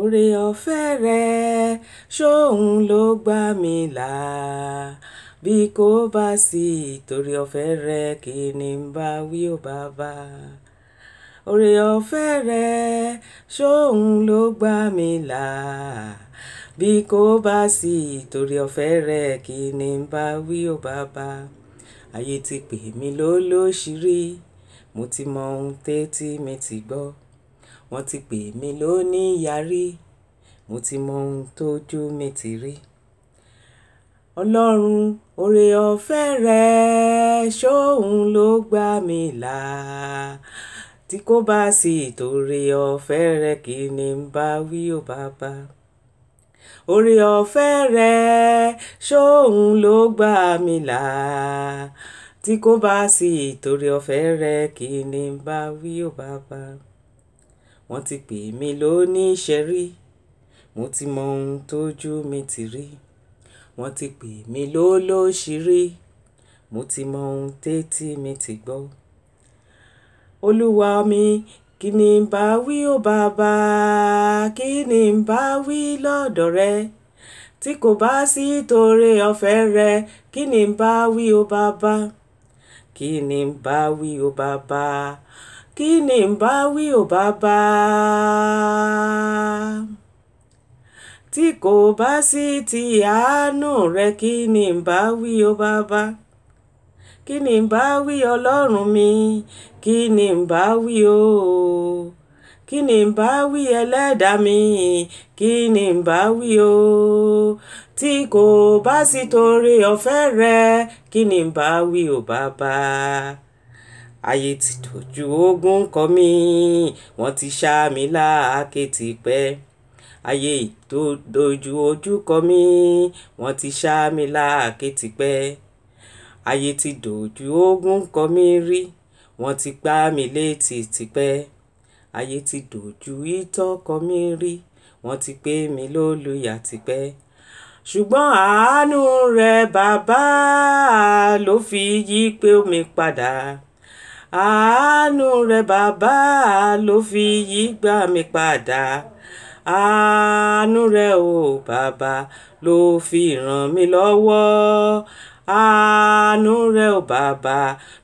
Oore ọ̀fẹ́ rẹ̀ ṣóun ló gbà mí là. Bí kò bá sí torí ọ̀fẹ́ rẹ̀ kí ni ń bá wí ó bàbá. Oore ọ̀fẹ́ rẹ̀ ṣóun ló gbà mí là. Bí kò bá sí torí ọ̀fẹ́ rẹ̀ kí ni ń bá wí ó bàbá. Ayé ti pè mí lólóṣìírí, mo ti mọ ohun tẹ́tí mi ti gbọ́ wọ́n ti pè mí lóní yarí mo ti mọ ohun tójú mi ti rí. ọlọ́run oore ọ̀fẹ́ rẹ̀ ṣóun ló gbà mí là tí kò bá sí ìtòrè ọ̀fẹ́ rẹ̀ kí ni n bá wí ó bàbá oore ọ̀fẹ́ rẹ̀ ṣóun ló gbà mí là tí kò bá sí ìtòrè ọ̀fẹ́ rẹ̀ kí ni n bá wí ó bàbá wọ́n ti pè mí lóníṣẹ́rí mo ti mọ ohun tójú mi ti rí wọ́n ti pè mí lólóṣìírí mo ti mọ ohun tétí mi ti gbọ́. olúwa mi kí ni n bá wí ó bàbá kí ni n bá wí lọ́dọ̀ rẹ tí kò bá sí toore ọ̀fẹ́ rẹ kí ni n bá wí ó bàbá kí ni n bá wí ó bàbá kí ni ń bá wí ò bàbá tí kò bá sí ti àánú rẹ kí ni ń bá wí ò bàbá kí ni ń bá wí ọlọ́run mi kí ni ń bá wí o kí ni ń bá wí ẹlẹ́dà mi kí ni ń bá wí o tí kò bá sí torí ọ̀fẹ́ rẹ kí ni ń bá wí o bàbá ayé ti dojú ogun kọ mí wọ́n ti ṣá mi láàké tipẹ́ ayé tó dojú ojú kọ mí wọ́n ti ṣá mi láàké tipẹ́ ayé ti dojú ogun kọ mí rí wọ́n ti gbá mi létí tipẹ́ ayé ti dojú ìtọ́ kọ mí rí wọ́n ti pè mí lólùyà tipẹ́ ṣùgbọ́n àánú rẹ̀ bàbá ló fi yí pé omi padà àánú rẹ bàbá ló fi yí gbà mí padà àánú rẹ o bàbá ló fi ràn mí lọ́wọ́ àánú rẹ o bàbá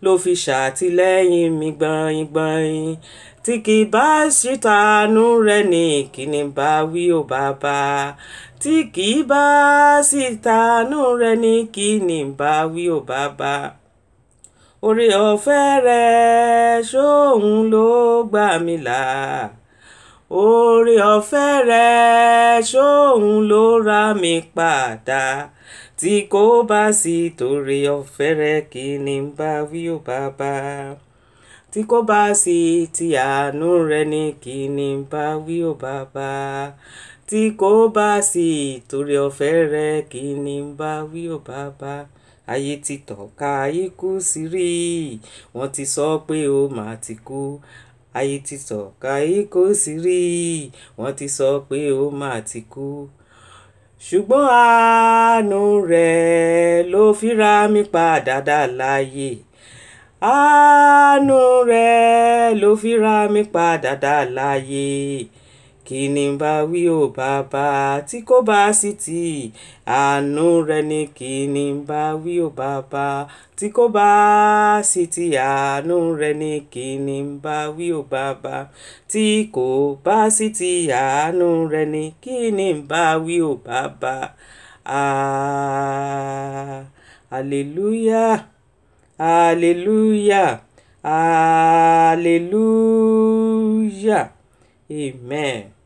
ló fi ṣàtìlẹ́yìn mi gbọ̀nyìn gbọ̀nyìn tí kì bá ṣìtàánú rẹ ní kíni bá wí o bàbá tí kì bá ṣìtàánú rẹ ní kíni bá wí o bàbá oore ọ̀fẹ́ rẹ ṣóun ló gbà mí là oore ọ̀fẹ́ rẹ ṣóun ló rà mí padà tí kò bá sí torí ọ̀fẹ́ rẹ kí ni n bá wí ó bàbá tí kò bá sí ti àánú rẹ ní kí ni n bá wí ó bàbá tí kò bá sí torí ọ̀fẹ́ rẹ kí ni n bá wí ó bàbá ayé ti tọ̀ka ayé kú sí rí wọ́n ti sọ pé ó máa ti kú ayé ti tọ̀ka ayé kú sí rí wọ́n ti sọ pé ó máa ti kú ṣùgbọ́n àánú rẹ̀ ló fi mi padà dà láàyè àánú rẹ̀ ló fi mi padà dà láàyè kí bá wí o bàbá tí kò bá sí ti àánú rẹ ni kí bá wí o bàbá tí kò bá sí ti àánú rẹ ni kí bá wí o bàbá tí kò bá sí ti àánú rẹ ni kí ni n bá wí o bàbá ah, hallelujah hallelujah hallelujah amen.